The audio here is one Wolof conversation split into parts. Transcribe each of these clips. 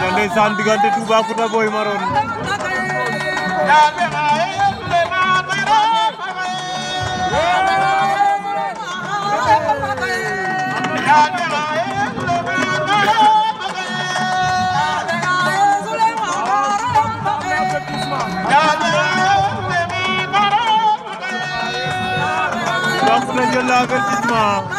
waaw ndeysaan diggante Toubacouta Boy Maroon Toubacouta jël avertissement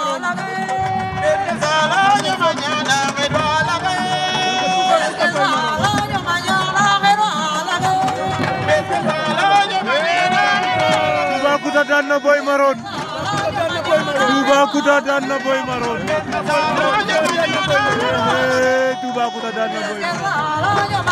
Toubacouta daan daan na Boy Maroon